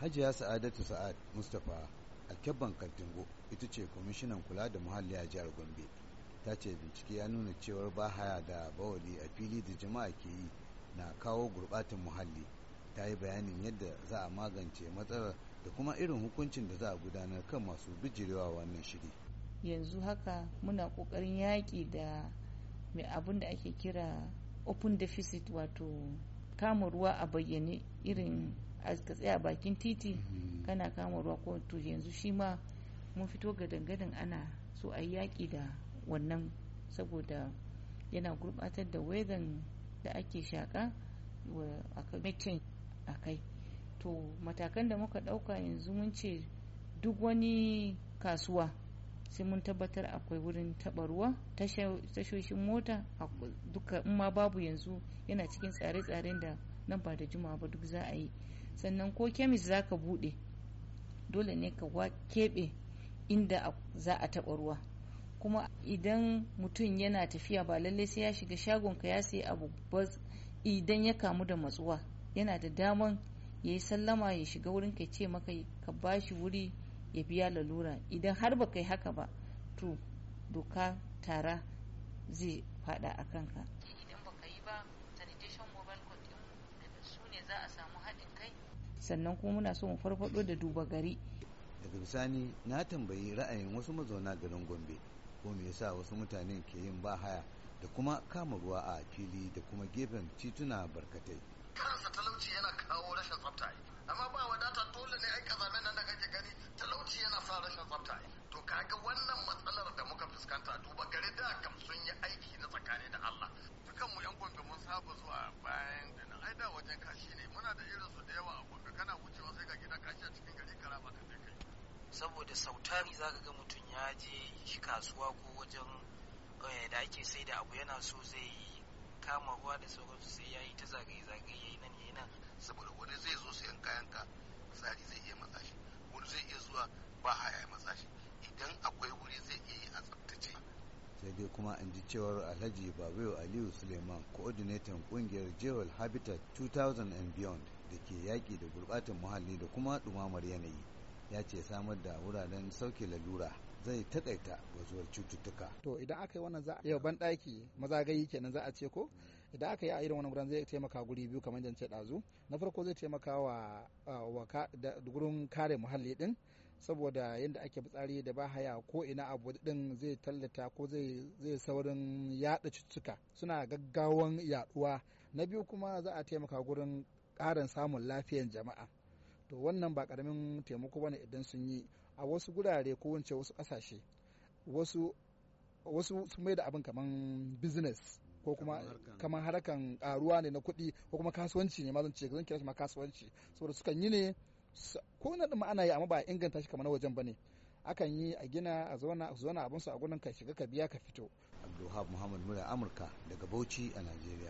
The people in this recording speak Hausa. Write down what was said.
hajiya sa'adatu sa'ad mustapha a kyabban kaltingo ita ce kwamishinan kula da muhalli a jihar gombe ta ce bincike ya nuna cewar bahaya da bawali a fili da jama'a ke yi na kawo gurbatin muhalli ta yi bayanin yadda za a magance matsalar da kuma irin hukuncin da za a gudanar kan masu bijirewa wannan shiri yanzu haka muna kokarin yaƙi da mai abin da ake kira open deficit wato kama ruwa a bayyane irin a ka tsaya bakin titi mm-hmm. kana kama ruwa ko to yanzu shi ma mun fito ga dangadan ana so a yaƙi da wannan saboda yana gurɓatar da wedan da ake shaƙa a kan a kai to matakan da muka ɗauka yanzu mun ce duk wani kasuwa sai mun tabbatar akwai wurin taɓa ruwa tashoshin mota duka in ma babu yanzu yana cikin tsare-tsaren da nan ba da jimawa ba duk za a yi sannan ko kemis za ka bude dole ne ka kebe inda za a taba ruwa kuma idan mutum yana tafiya ba lallai sai ya shiga shagon ka ya sayi abu ba idan ya kamu da matsuwa yana da daman ya yi sallama ya shiga wurin ka ce maka ka ba shi wuri ya biya lalura idan har ba yi haka ba to doka tara zai fada a kanka idan ba sannan kuma muna so mu farfado da duba gari daga bisani na tambayi ra'ayin wasu mazauna garin gombe ko me yasa wasu mutanen ke yin bahaya da kuma kama ruwa a fili da kuma gefen tituna barkatai kansa talauci yana kawo rashin tsafta amma ba wadata dole ne aika zane nan da kake gani talauci yana sa rashin tsafta to kaga wannan matsalar da muka fuskanta duba gari da kam sun yi aiki na tsakani da Allah dukan mu yan gombe saboda sautari zaka ga mutum ya je kasuwa ko wajen eh, da ake sai da abu yana so zai yi kama ruwa da sauransu sai ya yi ta zagaye-zagaye ya yi nan ya yi nan saboda wani zai zo sayan ka misali zai iya matsa shi wani zai iya zuwa ba haya matsa shi idan akwai wuri zai iya yi a tsabtace sai dai kuma an ji cewar alhaji babu aliyu suleiman coordinator kungiyar jewel habitat 2000 and beyond da ke yaƙi da gurɓatan muhalli da kuma ɗumamar yanayi ya ce samar da wuraren sauke lalura zai takaita bazuwar cututtuka. To idan aka yi wannan za a ban ɗaki mazagayi kenan za a ce ko idan aka yi a irin wani wurin zai taimaka guri biyu kamar ce ɗazu na farko zai taimaka wa gurin kare muhalli ɗin saboda yadda ake fitsari da ba haya ko ina abu ɗin zai tallata ko zai saurin yaɗa cututtuka suna gaggawan yaɗuwa na biyu kuma za a taimaka gurin ƙarin samun lafiyar jama'a to wannan ba karamin taimako bane idan sun yi a wasu gurare ko wance wasu kasashe wasu wasu sun mai da abin kaman business ko kuma kaman harkan karuwa ne na kuɗi ko kuma kasuwanci ne ma zan ce zan kira shi ma kasuwanci saboda sukan yi ne ko na ɗin ana yi amma ba inganta shi kamar na wajen bane akan yi a gina a zauna a zauna su a gurin ka shiga ka biya ka fito abdulhab muhammad mura amurka daga bauchi a najeriya